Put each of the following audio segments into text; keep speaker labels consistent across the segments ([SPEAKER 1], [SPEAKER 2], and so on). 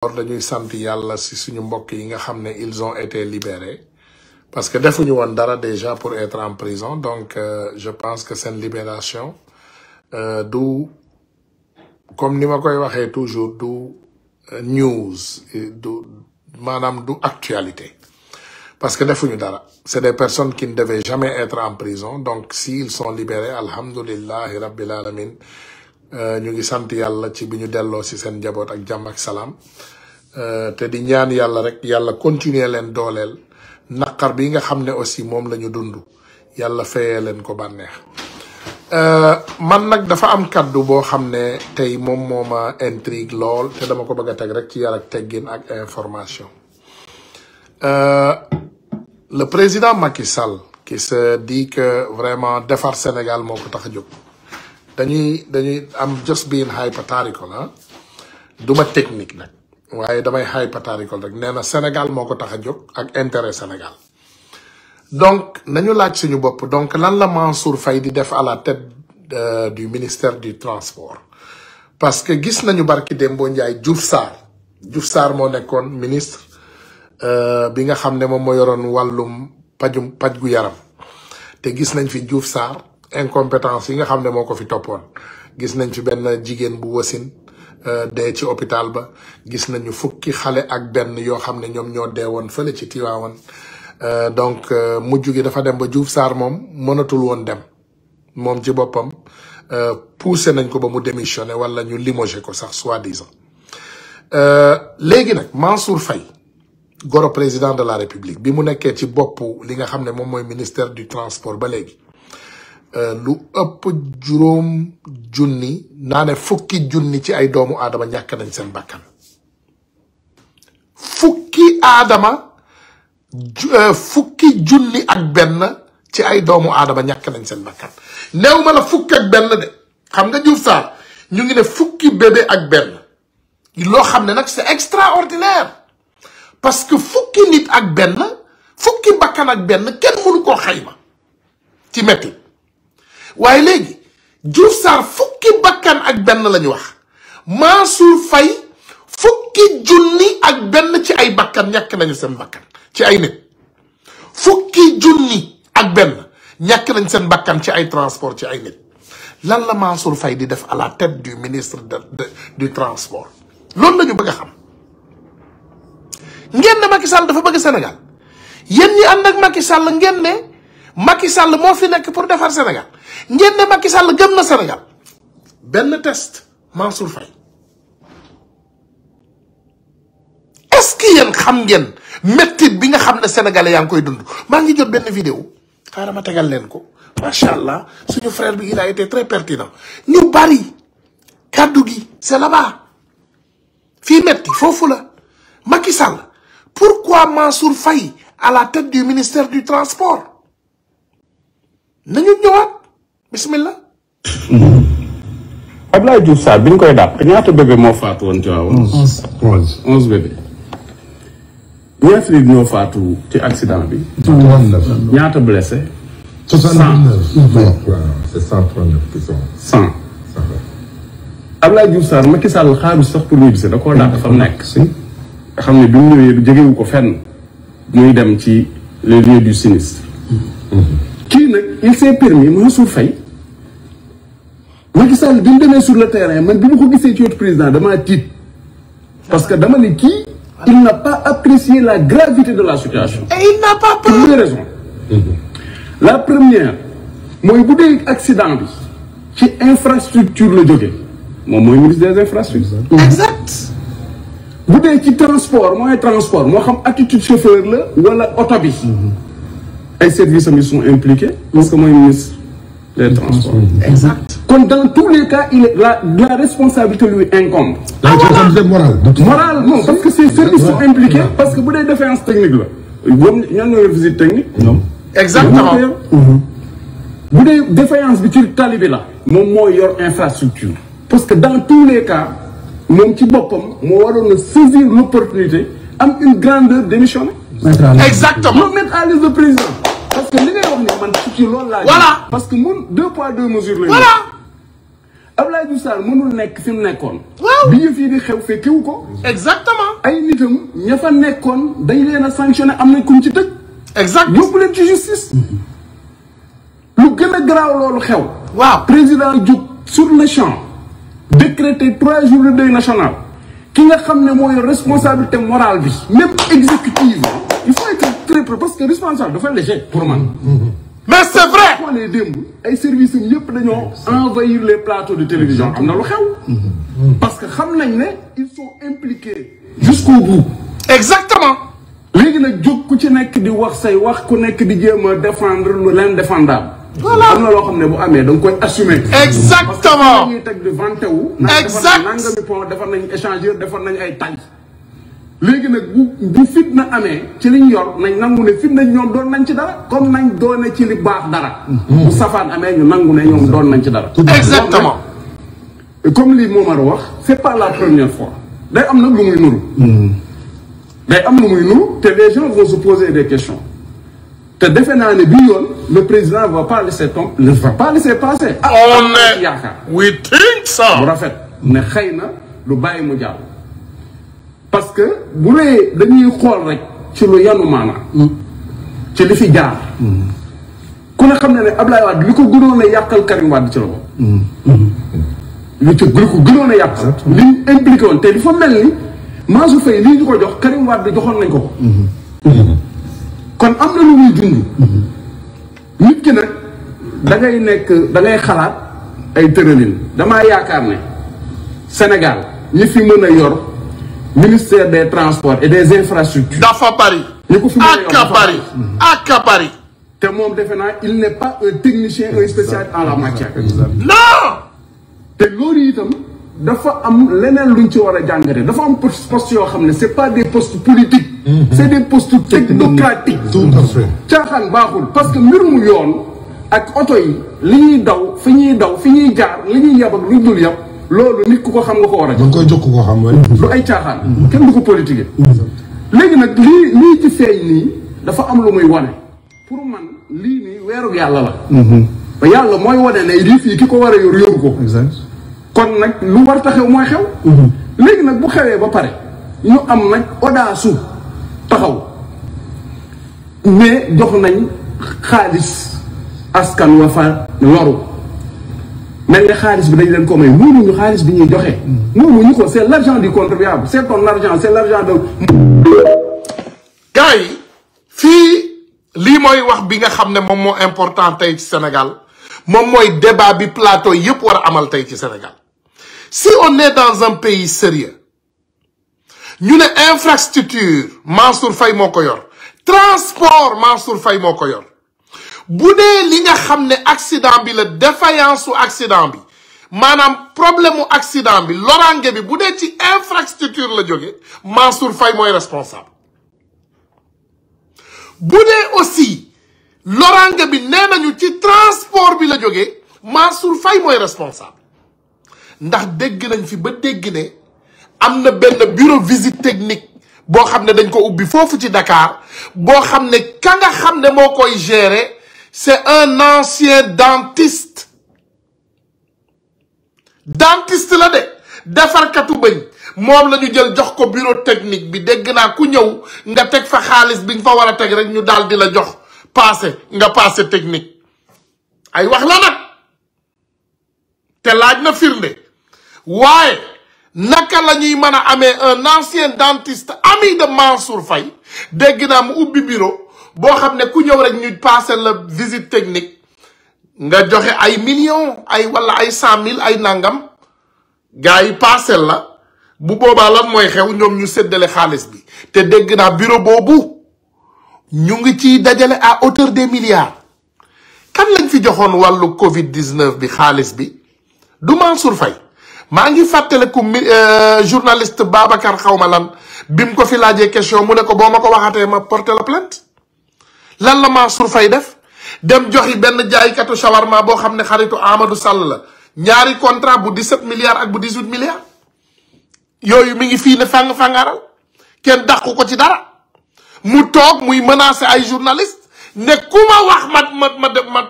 [SPEAKER 1] or dañuy sant yàlla si suñu mbokk yi nga xam ne ils on été libérés parce que defuñu woon dara déjà pour être en prison donc euh, je pense que seen libération euh, du comme ni ma koy waxee toujours du euh, news du maanaam du actualité parce que defuñu dara c'est des personnes qui ne devaient jamais être en prison donc s'ils sont libérés alhamdulillahi rabbil alamin Euh, ñu ngi sant yàlla ci bi ñu delloo si seen njaboot ak jàmm ak salaam euh, te di ñaan yàlla rek yàlla continuer leen dooleel naqar bi nga xam ne aussi moom la ñu dund yàlla fayee leen ko bànneex euh, man nag dafa am kàddu boo xam ne tey moom moo ma intrigue lool te dama ko bëgg a teg rek ci yar ak teggin ak information le président Macky Sall qui se dit que vraiment defar Sénégal moo tax a jóg dañuy dañuy am just being hypothetical ah du ma technique nag waaye damay hypothetical rek nee na Sénégal moo ko tax a jóg ak intérêt Sénégal donc nañu laaj suñu bopp donc lan la Mansour fay di def à la tête euh, du ministère du transport parce que gis nañu barki Dembo Ndiaye Diouf Sarr Diouf saar moo nekkoon ministre euh, bi nga xam ne moom moo yoroon wallum pajum paj gu yaram te gis nañ fi Diouf Sarr incompétence yi nga xam ne moo ko fi toppoon gis nañ fi benn jigéen bu wasin euh, dee ci hôpital ba gis nañu fukki xale ak benn yoo xam ne ñoom ñoo dee woon fële ci Tiwaawan euh, donc euh, mujj gi dafa dem ba Diouf saar moom mënatul woon dem moom ci boppam poussé nañ ko ba mu démissionné wala ñu limogé ko sax soi-disant léegi nag Mansour Faye goro président de la République bi mu nekkee ci bopp li nga xam ne moom mooy ministère du transport ba léegi Euh, lu ëpp juróom junni naa fukki junni ci ay doomu aadama ñàkk nañ seen bakkan fukki aadama euh, fukki junni ak benn ci ay doomu aadama ñàkk nañ seen bakkan new ma la fukk ak benn de xam nga Diouf Sarr ñu ngi ne fukki bébé ak benn loo xam ne nag c'est extraordinaire parce que fukki nit ak benn fukki bakkan ak benn kenn mënu koo xayma ci métti waaye léegi Diouf Sarr fukki bakkan ak benn la wax Mansour Faye fukki junni ak benn ci ay bakkan ñàkk nañu seen bakkan ci ay nit fukki junni ak benn ñàkk nañ seen bakkan ci ay transport ci ay nit lan la Mansour Faye di def à la tête du ministre de du transport loolu la bëgg a xam ngeen ne Macky Sall dafa bëgg Sénégal yéen ñi ànd ak Macky sàll ngeen ne Macky Sall moo fi nekk pour defar Sénégal ngeen ne Macky Sall gëm na Sénégal benn test Mansour Faye est-ce que yéen xam ngeen méttit bi nga xam ne sénégalais yaa ngi koy dund maa ngi jot benn vidéo xaaral ma tegal leen ko macha allah suñu frère bi il a été très pertinent ñu bari kàddu gi c'est là fii metti foofu la Macky Sall pourquoi Mansour Faye à la tête du ministère du transport nañu ñëwaat bismillah.
[SPEAKER 2] Abdoulaye Diouf Sarr bi ñu koy dàq ñaata bébé moo faatu woon ci waa onze onze ñaata nit bi. ñaata blessé. soixante-neuf c'est cent trente-neuf qui sont cent Abdoulaye Diouf Sarr Macky Sall xaaru sax da koo dàq fa mu nekk nga xam ne bi mu ñëwee du jegewu ko fenn muy dem ci le lieux du sinistre mm-hmm. nag il s'est permis Mansour Faye fay Sall bi mu demee sur le terrain man bi ma ko gisee ci wetu président damaa tiit parce que dama ne kii il n'a pas apprécié la gravité de la situation. et il n'a pas peur la première mooy bu dee accident bi ci infrastructure la jógee moom mooy ministre des infrastructures. Mmh. exact. bu dee ci transport mooy transport moo xam attitude chauffeur la wala oto bi. Mmh. ay services am yi sont impliqués parce que mooy ministre des transports. exact kon dans tous les cas il est la la responsabilité lui incombe. la responsabilité morale. morale non parce que ces services sont parce que bu dee défaillance technique la ñoom ñoo ñooy technique. Mhm. bu dee défaillance bi ci tali bi la. moom moo yor infrastructure. parce que dans tous les cas moom ci boppam moo waroon a saisir l'opportunité am une grandeur démissionner. exactement mettre à l'aise parce que li ngay wax ni man ci loolu laa. voilà parce que mun deux poids deux mesures la voilà Abdoulaye Diouf Sarr mënul nekk fi mu nekkoon. bi ñu fii di xew fekkiwu ko. exactement ay nitam ña fa nekkoon dañ leen a sanctionné am na kuñ ci tëj. exact yóbbu leen ci justice. lu gën a garaaw loolu xew. waaw président jóg sur le champ. décrété trois jours de deuil national. ki nga xam ne mooy responsabilité morale bi. même exécutive. interpréter parce que responsable dafa léger pour man. mais c' est vrai. boo xoolee démb ay services am yëpp dañoo envahir les plateaux de télévision am na lu xew. parce que xam nañ ne ils sont impliqués. jusqu'au bout. exactement. léegi nag jóg ku ci nekk di wax say wax ku nekk di jéem a défendre lu l'indéfendable. voilà am na loo xam ne bu amee da nga koy assumer. exactement parce que ñuy teg di vanté wu. exact naan defar nañ nangami pont defar nañ échangeur ay tànk. léegi nag bu leen amee ci liñ yor nañ nangu ne fitna ñoom doon nañ ci dara comme nañ doone ci li baax dara mhm. bu safaan amee ñu nangu ne ñoom doon nañ ci dara exactement comme lii Momar wax c'est pas la première fois day am na lu muy nuru mhm. day am na muy nuru te les gens vont se poser des questions te defe naa ne bii yoon le président va pas laisser tomber ne va pas laisser yaakaar we think ça bu rafet ne xëy na lu bàyyi mu jàll parce que bu dee dañuy xool rek ci lu yanu maanaam. ci li fi jaar. ku ne xam ne ne Ablaye Wade li ko gënoon a yàqal Karim Wade ci la ko. li ko gënoon a yàqal. li ñu impliqué woon te dafa mel ni Mansour Faye lii ñu ko jox Karim Wade joxoon nañ ko ko. kon am na lu muy dund. nit ki nag da nekk da xalaat ay tëralin damaa yaakaar ne Sénégal ñi fi mën a yor. ministère des transports et des infrastructures. dafa bari. ñu ko fi accaparé accaparé. te moom defe naa il n'est pas un technicien un spécialiste en la matière. non. te loolu itam dafa am leneen lu luñ ci war a jàngate dafa am post yoo xam ne c'est pas des post politiques. Mm-hmm. c'est des post technocratiques. tout à fait baaxul parce que mbir mu yoon ak oto yi li ñuy daw fi ñuy daw fi ñuy jaar li ñuy yab ak lu dul yab. loolu nit ku ko xam nga ko war a jox. dañ koy jox ku ko xam mooy. lu ay caaxaan. kenn du ko politiqué. léegi nag lii lii ci feeñ nii dafa am lu muy wane. pour man lii nii weeru yàlla la. Mhm. ba yàlla mooy wane ne lii fii ki ko war a yor yoru ko. kon nag lu war taxew mooy xew. Mhm. léegi nag bu xewee ba pare ñu am nag odaasu taxaw mais jox nañ xaalis askan wa fa loru. mel ne xaalis bi dañ leen ko may moomuñu xaalis bi ñuy joxe. Mm. moomuñu ko c' est l' argent du contribuable c' est ton argent c' est l' argent fii lii mooy wax bi
[SPEAKER 1] nga xam ne moom moo important tey ci Sénégal moom mooy débat bi plateau yëpp war a amal tey ci Sénégal si on est dans un pays sérieux ñu ne infrastructure Mansour Faye moo ko yor transport Mansour Faye moo ko yor. bu dee li nga xam ne accident bi la defayance su accident bi maanaam problème mu accident bi loraange bi bu dee ci infrastructure la jóge Mansour fay mooy responsable bu dee aussi bi nee nañu ci transport bi la jógee Mansour Faye mooy responsable ndax dégg nañ fi ba dégg ne am na benn bureau visite technique boo xam ne dañ ko ubbi foofu ci Dakar boo xam ne ka nga xam ne moo koy gérer c'est un ancien dentiste dentiste la de defarkatu bëñ moom lañu jël jox ko bureau technique bi dégg naa ku ñëw nga teg fa xaalis biñ nga fa war a teg rek ñu daal di la jox passé nga passé technique ay wax la nag te laaj na firnde waaye naka la ñuy mën a amee un ancien dentiste ami de Mansour Faye dégg naa mu ubbi bureau boo xam ne ku ñëw rek ñu passé la visite technique nga joxe ay millions ay walla ay cent mille ay nangam gars yi passé la bu boobaa lan mooy xew ñoom ñu séddale xaalis bi te dégg naa bureau boobu ñu ngi ciy dajale à hauteur des milliards kan lañ fi joxoon wàllu Covid 19 bi xaalis bi du Mansour Faye maa ngi fàttaliku mi euh, journaliste Babacar xaw ma lan bi mu ko fi laajee question mu ne ko boo ma ko waxatee ma porte la plainte lan la Mansour Faye def dem joxi benn jaaykatu shawarma boo xam ne xaritu Amadou Sall la ñaari contrat bu 17 milliards ak bu 18 milliards yooyu mi ngi fii ne fàng-fàngaaral kenn dàqu ko ci dara mu toog muy menacer ay journaliste ne ku ma wax ma ma ma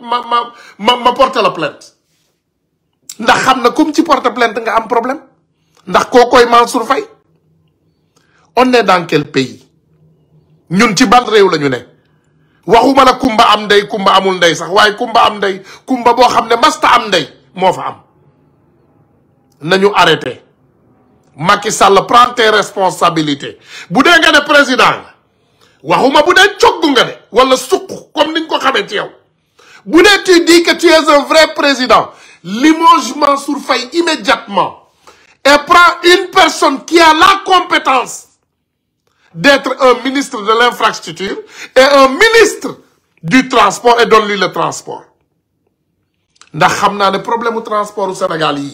[SPEAKER 1] ma ma ma ma porter la plainte ndax xam na comme ci porte plainte nga am problème ndax kookooy Mansour Faye on est dans quel pays ñun ci ban réew lañu ne waxuma la kumba am ndey kumba amul ndey sax waaye kumba am ndey kumba boo xam ne masta am ndey moo fa am nañu arrêté Macky Sall prend tes responsabilités bu dee nga ne président nga waxuma bu dee cogg nga de wala suq comme niñ ko xamee ci yow bu dee tu dis que tu es un vrai président limoge Mansour Faye immédiatement et prends une personne qui a la compétence d'être un ministre de l'infrastructure et un ministre du transport et donne-lui le transport ndax xam naa ne problème mu transport u Sénégal yi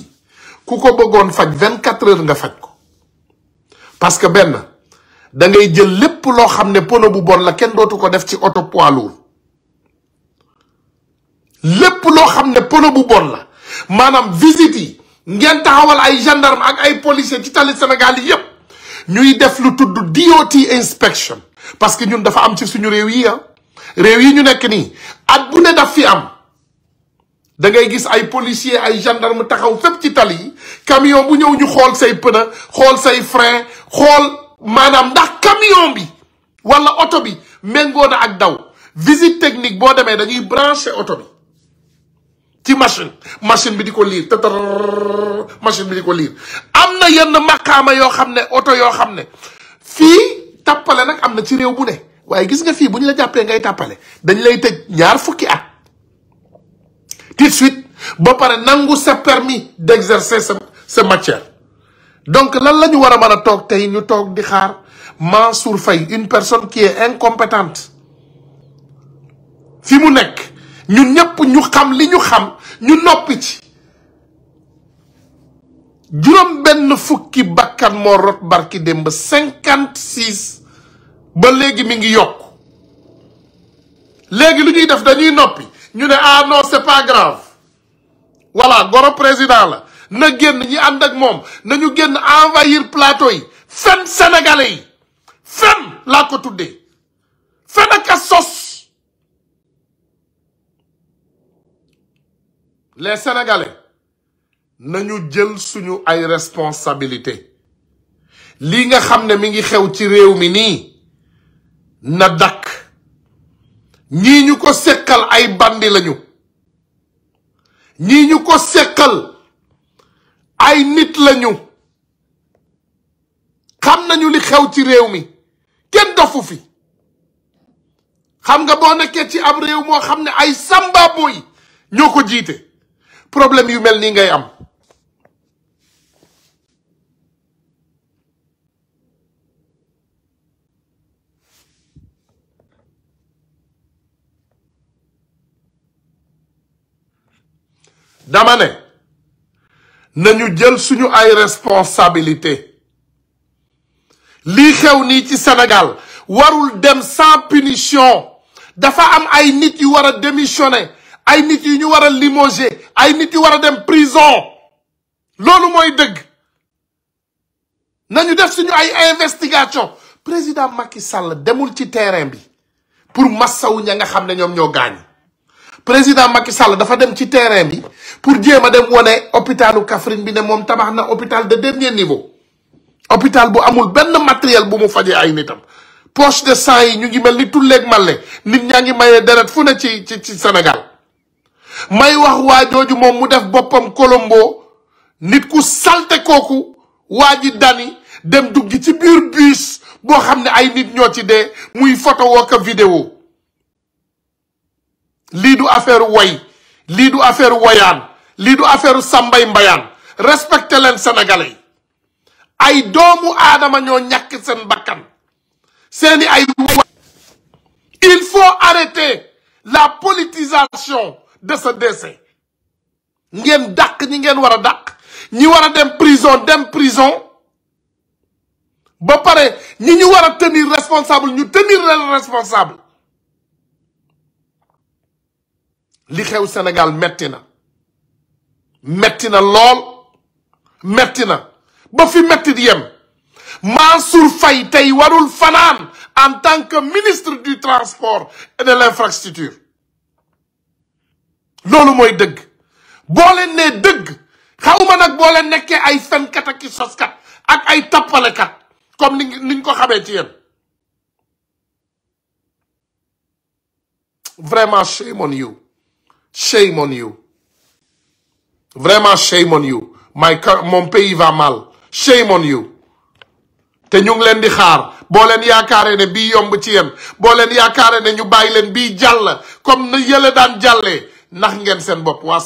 [SPEAKER 1] ku ko bëggoon faj vingt quatre heures nga faj ko parce que benn da ngay jël lépp loo xam ne pono bu bon la kenn dootu ko def ci oto poids lépp loo xam ne pono bu bon la maanaam visite ngeen taxawal ay gendarme ak ay policiers ci tali Sénégal yi yépp ñuy def lu tudd DOT inspection parce que ñun dafa am ci suñu réew yi ah réew yi ñu nekk nii at bu ne daf fi am da ngay gis ay policier ay gendarme taxaw fépp ci tali yi camion bu ñëw ñu xool say pneu xool say frein xool maanaam ndax camion bi wala oto bi méngoo na ak daw visite technique boo demee dañuy branché auto bi ci machine machine bi di ko liir tëtër machine bi di ko liir am na yenn maqaama yoo xam ne oto yoo xam ne fii tàppale nag am na ci réew bu ne waaye gis nga fii bu ñu la jàppee ngay tàppale dañ lay tëj ñaar fukki at tout de suite ba pare nangu sa permis d'exercer sa sa matière donc lan la ñu war a mën a toog tey ñu toog di xaar Mansour Faye une personne qui est incompétente fi mu nekk ñu ñëpp ñu xam li ñu xam ñu noppi ci juróom benn fukki bakkan moo rot barki dem ba ba léegi mi ngi yokk léegi lu ñuy def dañuy noppi ñu ne ah non c'est pas voilà goro président la na génn ñi ànd ak moom nañu génn envahir plateau yi fen sénégalais yi fen laa ko tuddee fen ak a sos les sénégalais nañu jël suñu ay responsabilité lii nga xam ne mi ngi xew ci réew mi nii na dakk ñii ñu ko sekkal ay bandi lañu ñii ñu ko sekkal ay nit lañu xam nañu li xew ci réew mi kenn dofu fi xam nga boo nekkee ci am réew moo xam ne ay samba boy ñoo ko jiite problème yu mel nii ngay am dama ne nañu jël suñu ay responsabilité lii xew nii ci Sénégal warul dem sans punition dafa am ay nit yu war a démissionner ay nit yu ñu wara a limogé ay nit yu war a dem prison loolu mooy dëgg nañu def suñu ay investigation président Macky Sall demul ci terrain bi pour massawu ña nga xam ne ñoom ñoo gaañ président Macky Sall dafa dem ci terrain bi pour jéem a dem wane hôpitalu Kaffrine bi ne moom tabax na hôpital de dernier niveau hôpital bu amul benn matériel bu mu fajee ay nitam poche de sang yi ñu ngi mel ni mal màlle nit ñaa ngi mayee deret fu ne ci ci ci Sénégal may wax waa jooju moom mu def boppam Colombo nit ku salte kooku waa ji dani dem dugg ci biir bus boo xam ne ay nit ñoo ci dee muy photo woo ko lii du affaire woy lii du affaire woyaan lii du affaire sambay mbayaan respecté leen sénégalais ay doomu aadama ñoo ñàkk seen bakkan seeni ay il faut arrêter la politisation de ce décès ngeen dàq ñi ngeen war a dàq ñi war a dem prison dem prison ba pare ñi ñu war a tenir responsable ñu tenir leen responsable li xew Sénégal metti na metti na lool metti na ba fi metti di yem Mansour Faye tey warul fanaan en tant que ministre du transport et de l'infrastructure loolu mooy dëgg boo ne dëgg dëgg xawma nag boo leen nekkee ay fenkat ak i soskat ak ay tappalekat comme ni niñ ko xamee ci yéen vraiment shame on you shame vraiment shame on you my mon pays va mal shame on you te ñu ngi leen di xaar boo leen yaakaaree ne bii yomb ci yéen boo leen yaakaaree ne ñu bàyyi leen bii jàll comme na yële daan jàllee nax ngeen seen bopp